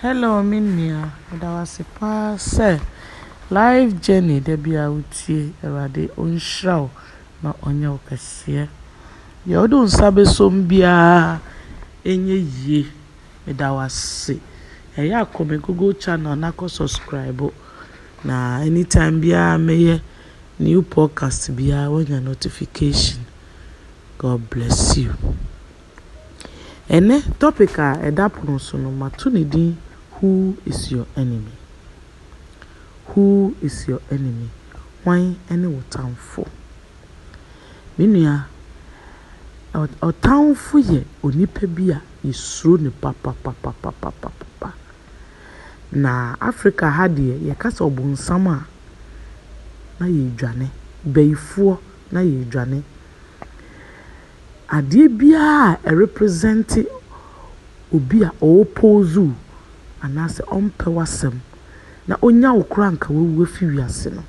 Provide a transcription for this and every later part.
Hello me nua, meda wo ase paa sɛ journey da biara wotie. Awurade ɔnhyira wo na ɔnyɛ wo kɛseɛ. Deɛ wode wo nsa bɛsom biara ɛnyɛ yie. Meda wo ase. Ɛyɛ a Google channel na kɔ subscribe na anytime biara mɛyɛ new podcast biara woanya notification. God bless you. ene topic a ɛda pono so no, mato no din Who is your enemy? Who is your enemy? Hwan ne wo tamfo? Me nua, ɔtamfo yɛ onipa bi a yɛsuro no papapapapapa. Na Africa ha deɛ, yɛkasa ɔbonsam a, na yɛredwane. bɛyifoɔ na yɛredwane. Adeɛ biara a ɛrepresente obi a ɔwɔ pole so. anaasɛ ɔmpɛ w'asɛm na onya wo koraa anka wawu afi wiase no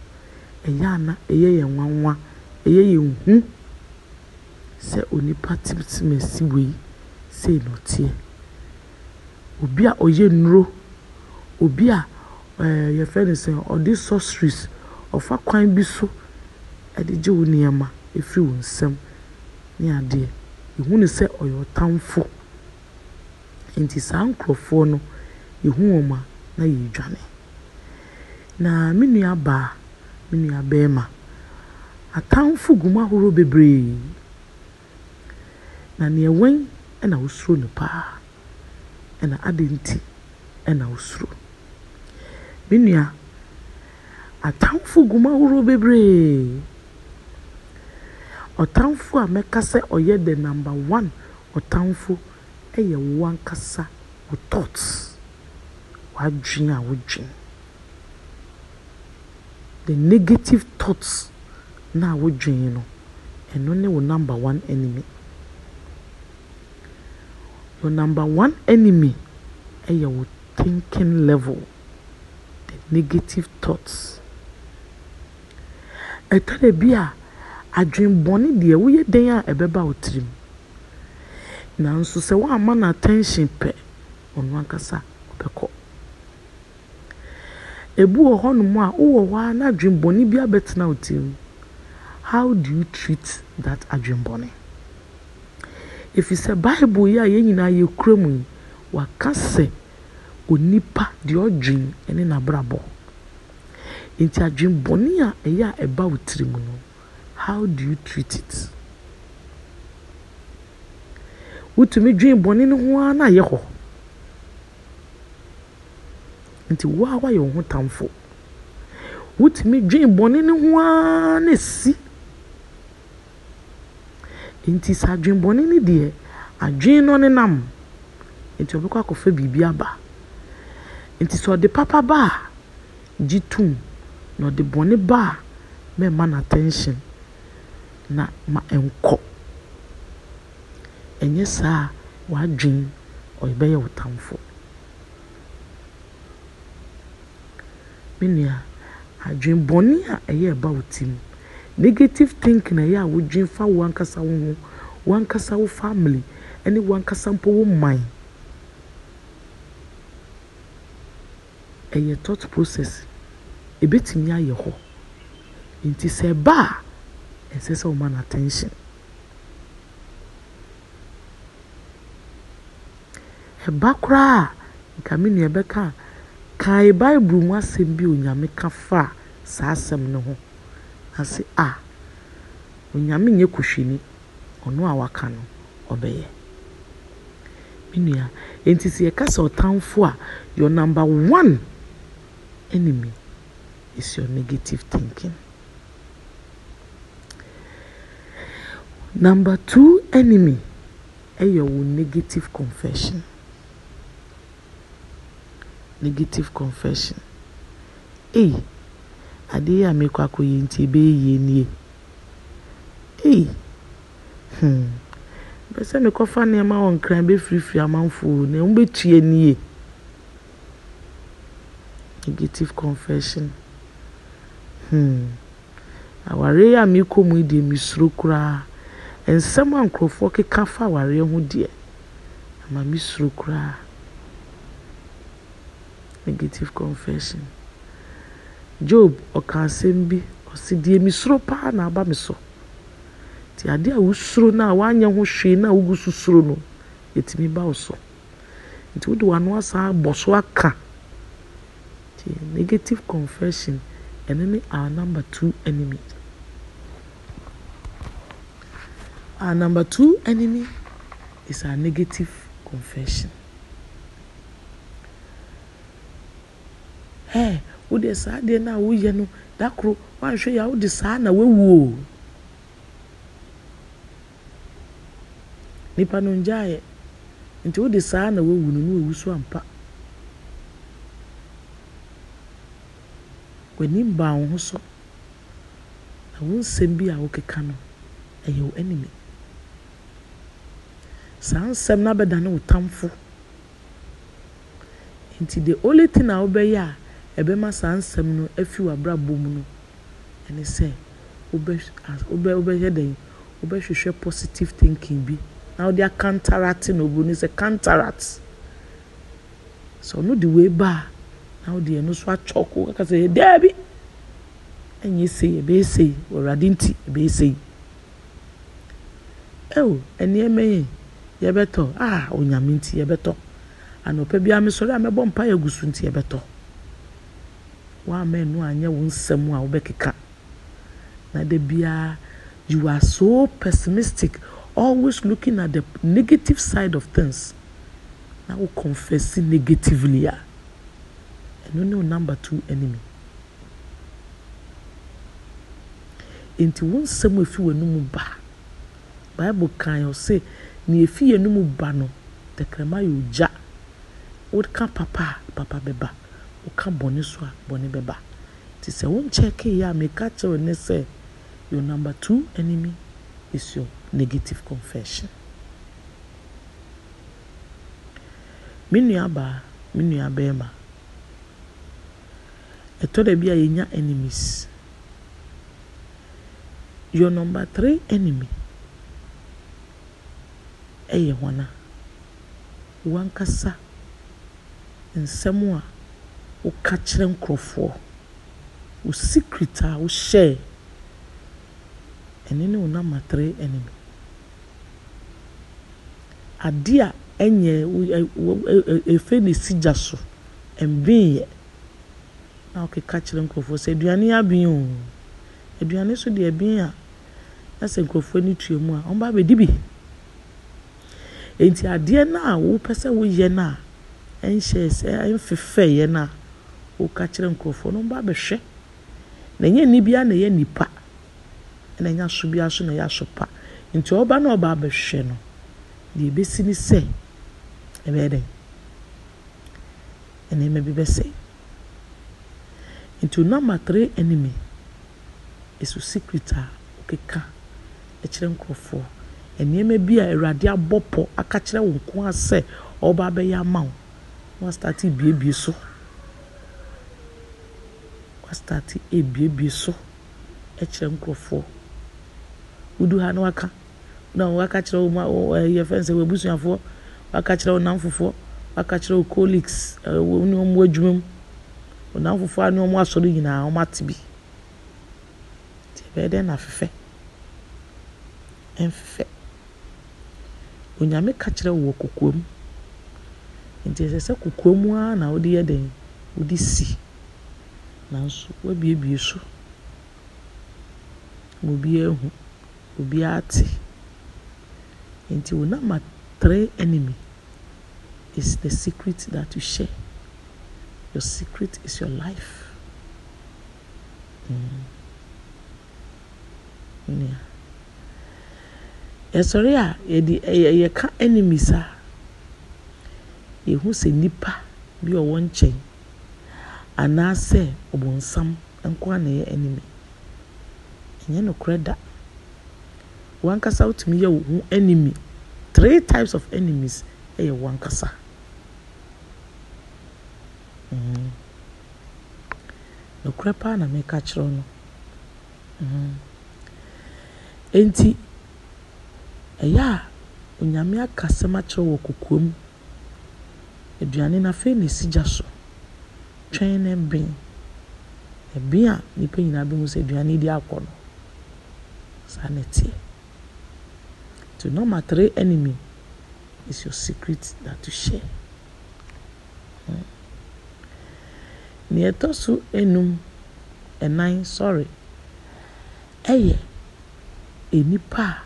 ɛyɛ ana ɛyɛ yɛ nwanwa ɛyɛ yɛ hu sɛ onipa timitimi asi wei sei na ɔteɛ obi a ɔyɛ nnuro obi a ɛɛ eh, yɛfrɛ no sɛ ɔde sorceries ɔfa kwan bi so ɛde gye wo nneɛma efiri wo nsam ne adeɛ ehu no sɛ ɔyɛ ɔtamfo nti saa nkorɔfoɔ no. yɛhu ọma na na yɛredwane na me nua baa me nua barima atamfo gu mu ahorow bebree na nea wɔn na wosuro no paa na adɛn nti na wosuro me nua atamfo gu mu ahorow bebree ɔtamfo a mɛka sɛ ɔyɛ the number one ɔtamfo ɛyɛ wɔn ankasa wɔ thoughts. w'adwene a wodwene the negative thoughts na a wodwene no ɛno ne wo number one enemy your number one enemy ɛyɛ wo thinking level the negative thoughts ɛtɔrɛ bi a adwenbɔne deɛ woyɛ den a ɛbɛba wo tirim nanso sɛ woama no attention pɛ ɔno ankasa ɔbɛkɔ ebu wɔ hɔnom a wowɔ hɔ ara na adwemmɔne bi abɛtena wo tirim how do you treat that adwemmɔne ɛfiri sɛ bible yi a yɛn nyinaa yɛkura mu yi waka sɛ onipa deɛ ɔdwen ne n'abrabɔ nti adwemmɔne a ɛyɛ a ɛba wo tiri mu no how do you treat it wotumi dwen bɔne no ho ara na ayɛ hɔ nti wo a woayɛ wo ho tamfo wotumi dwen bɔne ne ho ara na si nti sɛ adwenbɔne ne deɛ adwen no ne nam nti ɔbɛkɔ akɔfa biribi aba nti sɛ ɔde papa ba a gye tom na ɔde bɔne ba a mɛma attention, na ma ɛnkɔ ɛnyɛ saa a wadwen ɔbɛyɛ wo tamfo. me nua adwemmɔne a ɛyɛ ɛba wo ti mu negative thinking na ɛyɛ a wodwen fa w'ankasa wo ho w'ankasa wo family ɛne w'ankasa mpo wo man ɛyɛ thought process ebetumi ayɛ hɔ nti sɛ ɛba a ɛsɛ sɛ ɔma no attention ɛba koraa nka me bɛka kae baebul mu asɛm bi a onyame ka faa saa asɛm no ho na sɛ a onyame nye kohwɛni ɔno a waka no ɔbɛyɛ menua nti sɛ yɛka sɛ ɔtamfo a your number one enemy is your negative thinking number two enemy ɛyɛ wo negative confession negative confession ei adeɛ e. hmm, a mekɔ akɔyɛ nti ɛbɛyɛ nie ei hmm bɛ sɛ fa nneɛma wɔ nkran bɛfirifiri amanfoɔ na ɛmu bɛtua nie negative confession hmm awareɛ a mekɔ mu deɛ mesuro koraa nsɛm a nkurɔfoɔ keka fa awareɛ ho deɛ ama mesuro koraa negative confession job ɔka asɛm bi ɔsi deɛ mi soro paa na aba mi so te adeɛ a wosoro na wanyɛ ho hwee na wogu so soro no etimi ba wo so nti wode wano asan abɔ so aka nti negative confession ɛno ne our number two enemy our number two enemy is our negative confession. Eh, wode saa deɛ no a woyɛ no da koro woanhwɛ yɛ a wode saa na o nipa no ngyaeɛ nti wode saa na woawu no ne wawu so ampa w'ani baa wo ho so na wo nsɛm bi a wokeka no ɛyɛ wo enemy saa nsɛm no abɛdane wo tamfo nti the only thing a wobɛyɛ a ɛbɛma saa nsɛm no afi w'abrabɔ mu no ɛne sɛ wobɛ wobɛ wobɛyɛ dɛn wobɛhwehwɛ positive thinking bi na wode acounteract na obroni sɛ counteract sɛ ɔno de wei baa na wode ɛno so atwɔko kaka sɛ daabi ɛnyɛ sei ɛbɛyɛ sei wɔ awurade nti ɛbɛyɛ sei ɛwo ɛnneɛma yi yɛbɛtɔ a onyame nti yɛbɛtɔ anɔpa biara mesɔre a mɛbɔ mpa yɛ gu so nti yɛbɛtɔ wama ɛnu anyɛ wo nsɛm a wobɛkeka na da biara you are so pessimistic always looking at the negative side of things na wo confessing negatively a ɛno ne wo number two enemy nti wo nsɛm efi wɔn numu ba bible kan yɛ ɔsɛ nea efi yɛn numu ba no tɛkrɛma yɛ ogya wɔka papa papa bɛba woka bɔne so a bɔne bɛba nti sɛ wonkyɛɛke yie a meka kyerɛ ne sɛ your number two enemy is your negative confession me nua baa me nua bɛrima ɛtɔ da bi a yɛnya enemies your number three enemy ɛyɛ wɔn a wankasa nsɛm a woka kyerɛ nkurɔfoɔ, wo secret a wohyɛɛ, ɛno ne wo number three enemy. Adeɛ a ɛnyɛ ɛfɛ no si gya so, ɛmmeeɛ na wokeka kyerɛ nkurɔfoɔ sɛ aduane abene oo. Aduane nso deɛ ɛbene a na sɛ nkurɔfoɔ ani tua mu a wɔmba abɛdi bi. Enti adeɛ no a wopɛ sɛ woyɛ no a ɛnhyɛɛ sɛ ɛmfefɛɛɛ no a, woka kyerɛ nkurɔfoɔ no mba bɛhwɛ na ɛnyɛ ni biara na ɛyɛ nipa ɛna ɛnyɛ aso bia so na ɛyɛ aso pa nti ɔba na ɔba abɛhwɛ no deɛ ebesi ne sɛ ɛbɛyɛ dɛ nneɛma bi bɛsɛe nti number three enemy is secret a ɔkeka ɛkyerɛ nkurɔfoɔ nneɛma bi a awurade abɔ pɔ aka wɔn ko asɛ ɔba bɛyɛ ama wɔn wɔn asitati biebie so. wɔastaate ebiebie so ɛkyerɛ nkurɔfoɔ. Wodu ha na waka na wɔaka kyerɛ wo ma wo ɛɛ eh, yɛfrɛ no sɛ w'abusuafoɔ, wɔaka kyerɛ wo nnamfofoɔ, wɔaka kyerɛ wo colleagues ɛɛ eh, wo ne wɔn adwuma mu. Wo nnamfofoɔ a ne wɔn asɔre nyinaa wɔate bi. Nti ɛbɛyɛ dɛn na afefɛ? Ɛmfefɛ. Onyame ka kyerɛ wo kokoam. Nti ɛsɛ sɛ kokoam na wode yɛ dɛn? Wode si. nanso wɔabuebue so ma obiara hu obiara te nti wo number three enemy is the secret that you share your secret is your life mm. mm yeah. ɛsɔre eh, ah, eh, ah. a yɛde ɛyɛ yɛka enemies a yɛhu sɛ nipa bi ɔwɔ nkyɛn anaasɛ ɔbonsam nko a na ɛyɛ enemy. Ɛnyɛ nokorɛ da. W'ankasa wotumi yɛ wo ho enemy. Three types of enemies ɛyɛ w'ankasa. Mhm. Nokorɛ paa na meka kyerɛ no. Mm. Enti ɛyɛ a Onyame aka akyerɛ wɔ kokoa mu Aduane no afei na esi gya so. twɛn ne bɛn ɛbɛn a nipa nyinaa bɛn sɛ aduane di akɔ no saa na teɛ to number three enemy is your secret that you share hmm. nea ɛtɔ so enum ɛnan sɔre ɛyɛ enipa a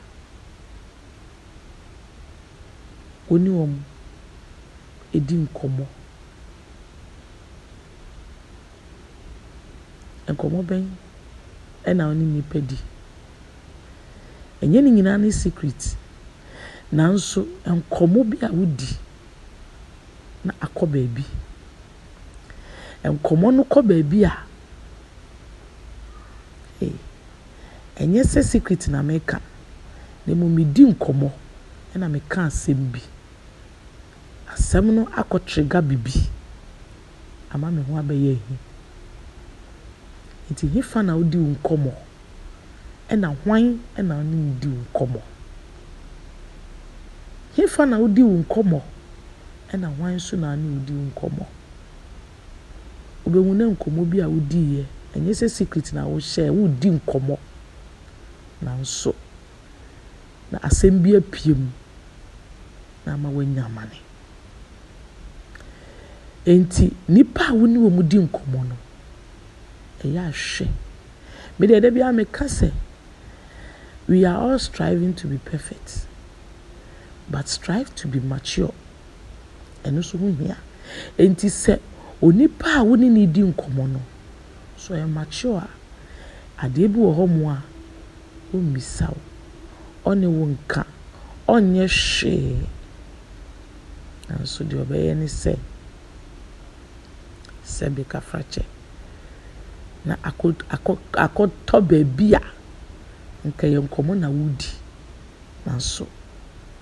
oni wɔn edi nkɔmɔ. Nkɔmɔ bɛn na ɔne ne nnipa di ɛnyɛ ne nyinaa ne secret nanso nkɔmɔ bi a wodi na akɔ baabi Nkɔmɔ no kɔ baabi a ee eh, ɛnyɛ sɛ secret na meka na mmom medi nkɔmmɔ ɛna meka asɛm bi asɛm no akɔ trigger bibi ama me ho abɛyɛ ehi. nti hefa na wodi wo ɛna hwan ɛna ne na wodi wo ɛna hwan nso na ne wodi wo nkɔmmɔ wobɛhu na nkɔmmɔ bi a wodiiɛ ɛnyɛ sɛ secret na wohyɛɛ wodi nanso na asɛm bi mu na ama amane enti nipa a no ɛyɛ ahwɛ medeɛ da biara meka sɛ we are all striving to be perfect but strive to be mature ɛno nso ho hia nti sɛ onipa a wo ne di nkɔmmɔ no so ɔyɛ e mature a adeɛ bi wɔ hɔ mu a ɔmmisa wo ɔne wo nka ɔnyɛ hwee nanso deɛ ɔbɛyɛ ne sɛ sɛ bi kafrakyɛ na akɔ akɔ akɔtɔ baabi a nka yɛ nkɔmɔ na wodi nanso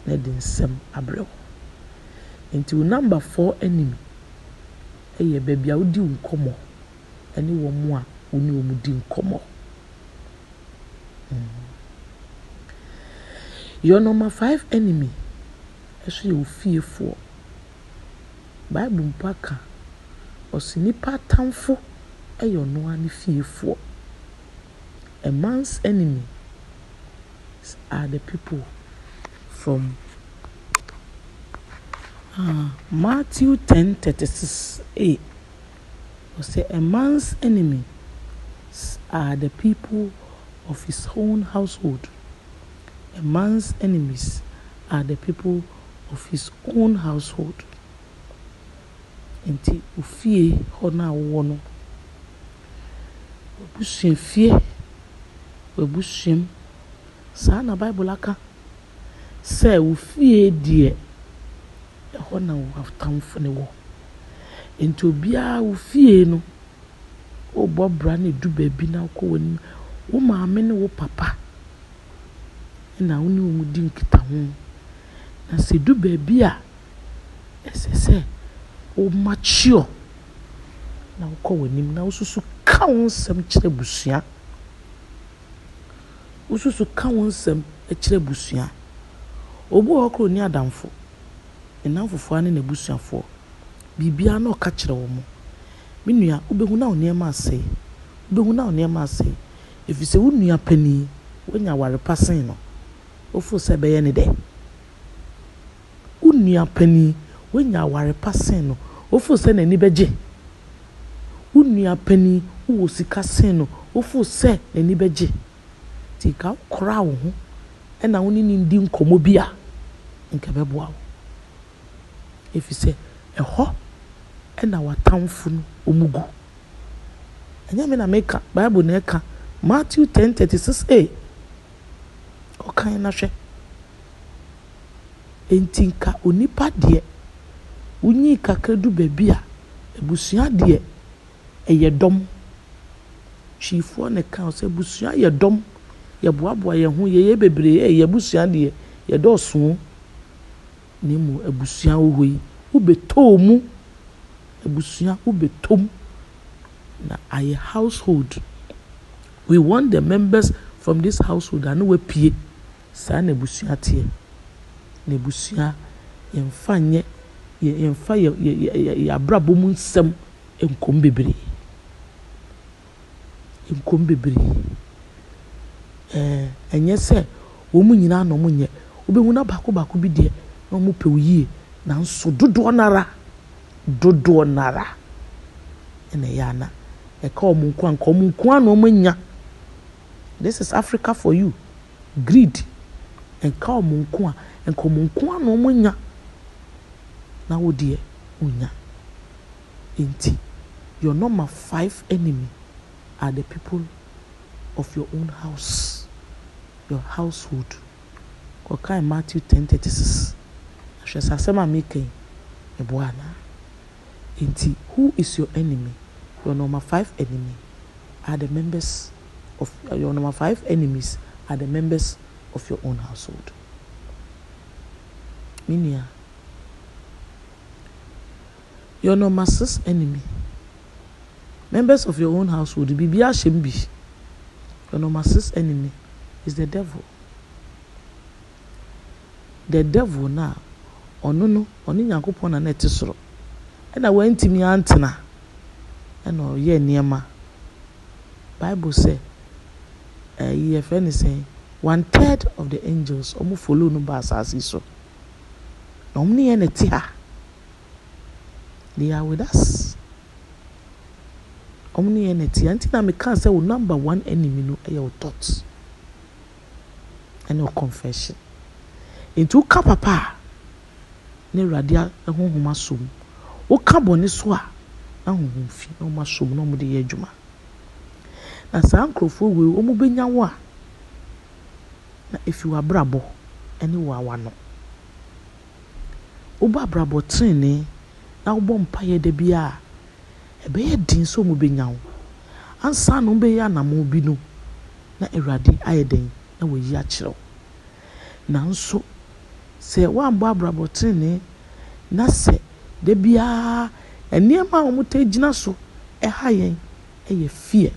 na de nsɛm abrɛ wo nti wo namba four anim ɛyɛ baabi a wodi nkɔmɔ ɛne wɔn mu a wo ne wɔn di nkɔmɔ mm. your number five enemy ɛso yɛ ofiefoɔ baibu mpo aka ɔsi nipa atamfo yɛ ɔno ne fiefoɔ. A man's enemy are the people from uh, Matthew thirty six a Say, a man's enemy are the people of his own household. A man's enemies are the people of his own household. Nti ofie hɔ no a wɔwɔ no. abusuafie wɔ abusuam saa na bible aka sɛ wo fie deɛ ɛhɔ na wo atamfo ne wɔ nti obiara wo fie no wobɔ bra ne du baabi na wokɔ w'anim wo maame ne wo papa na wo ne wo mu di nkitaho na sɛ du baabi a ɛsɛ sɛ womakyio na wokɔ w'anim na wosusu ka wo nsɛm kyerɛ busua wosusu ka wo nsɛm kyerɛ busua obi ni adamfo ne n'abusuafoɔ biribiara na ɔka kyerɛ wɔn mo me nua wobɛhu na wo nneɛma asɛe wobɛhu na wo nneɛma asɛe ɛfiri sɛ wo nua panin woanya awarepa sen no sɛ ne dɛ wo nua no sɛ n'ani bɛgye wo nua panyin wowɔ sika sen no wofeel sɛ n'ani bɛgye nti nka wokora wo ho ɛna wo ne no di nkɔmmɔ bi a nka ɛbɛboa wo ɛfiri sɛ ɛhɔ ɛna w'atamfo no ɔmu gu ɛnyɛ me na meka bible na ɛka matthew 10:36a ɔkan na hwɛ enti nka onipa deɛ wonyi kakra du baabi a abusua deɛ ɛyɛ dɔm twifoɔ ne ka sɛ busua yɛ dɔm yɛboaboa yɛn ho yɛyɛ bebree ɛyɛ busua deɛ yɛdɔɔso ne mu abusua wɔ yi wobɛtɔɔ mu abusua wobɛtɔm na ayɛ household we want the members from this household a ne wapue saa na abusua teɛ na abusua yɛmfa nyɛ yɛmfa yɛ yɛ yɛ yɛ abrabɔ mu nsɛm nkɔm bebree nkurom bebree ɛɛ eh, ɛnyɛ sɛ wɔn nyinaa na wɔnyɛ wobɛhu na baako baako bi deɛ na wɔn pɛ yie nanso dodoɔ nara dodoɔ nara ɛna ɛyɛ ana ɛka wɔn nko anka wɔn nko ana wɔn anya this is africa for you greed ɛnka wɔn nko a ɛnka wɔn nko ana wɔn anya na wo deɛ wonya nti your number five enemy. are the people of your own house, your household. Kɔkae Matthew 10:36. Ahwɛ sɛ asɛm a meka Nti, who is your enemy? Your number five enemy are the members of your number five enemies are the members of your own household. Minia, your number six enemy members of your own household biribi ahyɛ bi your number six enemy is the devil the devil na ɔno no ɔne nyankopɔn na na ɛte soro ɛna wantumi antena ɛna ɔyɛ nneɛma bible sɛ ɛyi yɛfrɛ ne sɛn one third of the angels ɔmo follow no ba asase so na ɔmo ne yɛn na ɛte ha they are with us. ɔmo ne yɛ nɛte nti na meka sɛ wo number one enemy no ɛyɛ wo thought ɛne wo confession nti woka papa a ne awurade ahohom asom woka bɔne so a ahohom fi na ɔmo asom na ɔmo de yɛ adwuma na saa nkurɔfoɔ wei ɔmo benya wo a na efi w'abrabɔ ɛne w'awa no wobɔ abrabɔ tenenee na wobɔ mpaeɛ da bi a ɛbɛyɛ den sɛ ɔmo bɛnya wo ansa na ɔmo bɛyɛ anamo bi no na awurade ayɛ den na wɔyi akyerɛw nanso sɛ wɔambɔ abrabɔ tenenee na sɛ debiaa biara nneɛma a wɔn ta gyina so ɛha yɛn ɛyɛ fear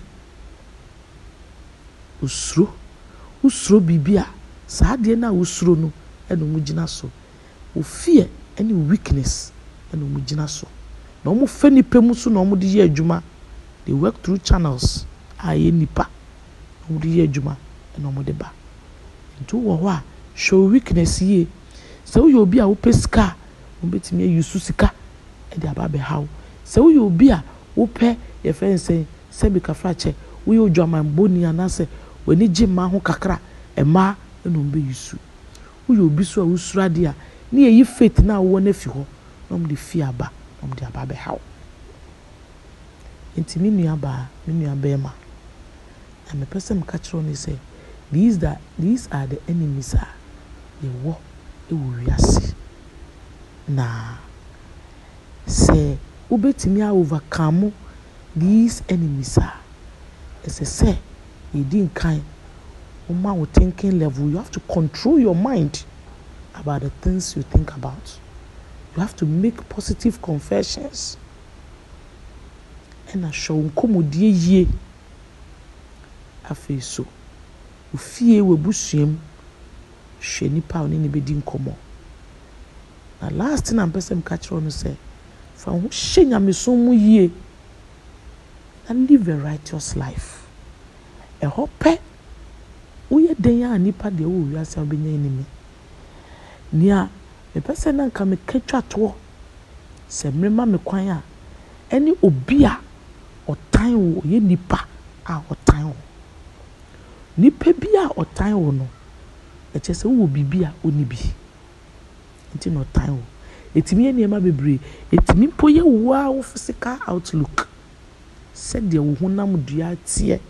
osuro osuro biribi a saa adeɛ no a osuro no ɛna wɔn gyina so ofear ɛne weakness ɛna wɔn gyina so. na wɔn fɛ nipa mu so na wɔn de yɛ adwuma they work through channels a ɛyɛ nipa na wɔn de yɛ adwuma na wɔn de ba nti wɔ hɔ a show weakness yie sɛ woyɛ obi a wopɛ sika a wɔbɛtumi ayi so sika de aba abɛha wo sɛ woyɛ obi a wopɛ yɛfɛ nsɛn sɛbi kafrakyɛ woyɛ odwamanbɔni anaasɛ w'ani gye mmaa ho kakra mmaa na wɔn bɛyi so woyɛ obi so a wosuro adeɛ a ne yɛyi faith na awɔ no afi hɔ na wɔn de fi aba wɔde aba abɛha wo nti me nua me nua bɛrima na mepɛ sɛ meka kyerɛ ne sɛ these that these are the enemies a yɛwɔ ɛwɔ wiase na sɛ wobɛtumi a overcome these enemies a ɛsɛ sɛ yɛdi nkan woma wo thinking level you have to control your mind about the things you think about you have to make positive confessions ɛna hwɛ wo nkɔmmɔdie yie afei so ofie wɔ abusua mu hwɛ nipa a ɔne ne bɛdi nkɔmmɔ na last na mpɛ sɛ mka kyerɛ no sɛ fa ho hyɛ nyamesom mu yie na live a righteous life ɛhɔ pɛ woyɛ den a nipa deɛ wɔ wiase a wobɛnya anim nea mepɛ sɛ na nka meka twa toɔ sɛ mmerema me kwan a ɛne obi a ɔtan wo yɛ nipa a ɔtan wo nipa bi a ɔtan wo no ɛkyɛ sɛ wowɔ biribi a ɔni bi nti na ɔtan wo ɛtumi yɛ nneɛma bebree ɛtumi mpo yɛ woa wo physical outlook sɛdeɛ wo honam dua teɛ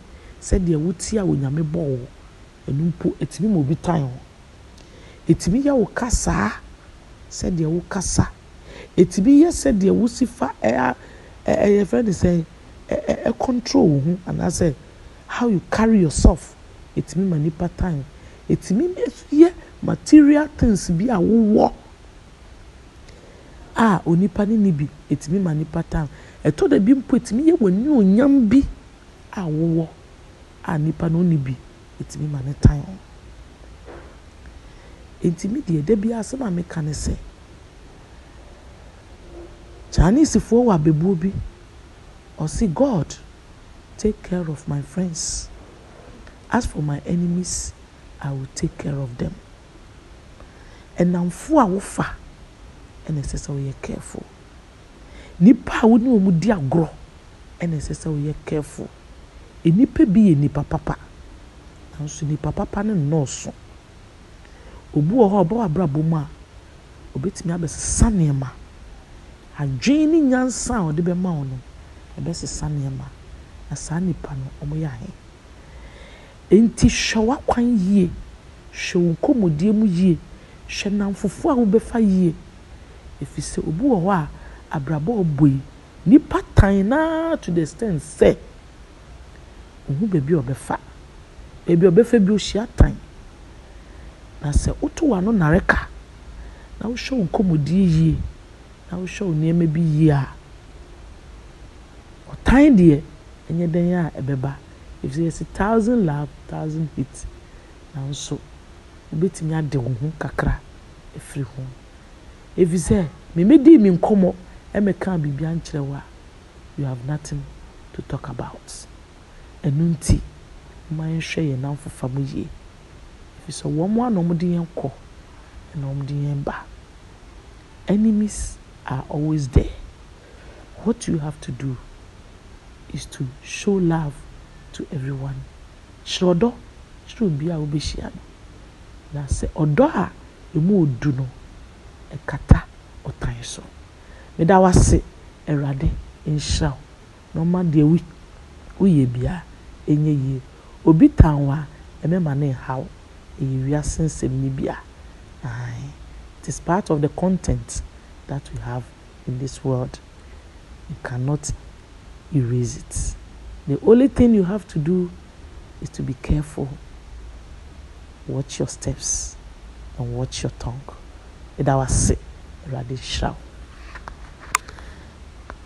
sɛdeɛ wote a onyame bɔ wo ɛno mpo ɛtumi ma obi tan wo ɛtumi yɛ wo kasaa sɛdeɛ wokasa ɛtumi yɛ sɛdeɛ wosi fa ɛa ɛyɛ fɛ de sɛ ɛ ɛ control wo ho anaasɛ how you carry yourself ɛtumi ma nipa time ɛtumi yɛ material things bi a wowɔ a onipa ne ni bi ɛtumi ma nipa time ɛtɔ da bi mpo ɛtumi yɛ wɔ ne onyam bi a wowɔ a nipa no ni bi ɛtumi ma ne time nti mi deɛ da bi asɛm a meka ne sɛ chinesefoɔ wɔ abɛbuo bi ɔsi god take care of my friends as for my enemies i will take care of them ɛnamfoɔ a wofa ɛna ɛsɛ sɛ woyɛ careful nipa a wone wɔn di agorɔ ɛna ɛsɛ sɛ woyɛ careful nnipa bi yɛ nipa papa nanso nipa papa no nnɔɔso obi wɔ hɔ a ɔbɔ abrabɔ mu a obetumi abɛsesa nneɛma adwene ne nyansa a ɔde bɛma wɔn no ɛbɛsesa nneɛma na saa nipa no wɔn yɛ ahe nti hwɛ wakwan yie hwɛ wɔn kɔmɔdeɛ mu yie hwɛ nam fufuo a wɔbɛfa yie efi sɛ obi wɔ hɔ a abrabɔ ɔbɔ yi nipa tan naa to the extent sɛ ohun beebi ɔbɛfa beebi ɔbɛfa bi ohyia tan. na sɛ woto w'ano nare ka na wohwɛ wo nkɔmmɔdie yie na wohwɛ wo nneɛma bi yie a ɔtan deɛ ɛnyɛ dɛn a ɛbɛba ɛfiri sɛ yɛsi thousand love thousand hate nanso wobɛtumi ade wo ho kakra ɛfiri ho ɛfiri sɛ memedii me nkɔmmɔ ɛmɛkaa biribia nkyerɛ wo a you have nothing to talk about ɛno nti ma yɛhwɛ yɛ namfofa mu yie ɛfisɛ wɔn a na wɔde yɛn kɔ na wɔde yɛn ba enemies are always there what you have to do is to show love to everyone kyerɛ ɔdɔ kyerɛ obi a wobɛhyia no na sɛ ɔdɔ a emu odu no ɛkata ɔtan so meda wase awurade nhyira wo na ɔma deɛ woyɛ bia ɛnyɛ yie obi tan wa ɛmɛma ne nhaw. ɛyɛ wiase nsɛm ni bi a it is part of the content that we have in this world you cannot erase it the only thing you have to do is to be careful watch your steps and watch your tongue ɛda wase ɛwurade hyira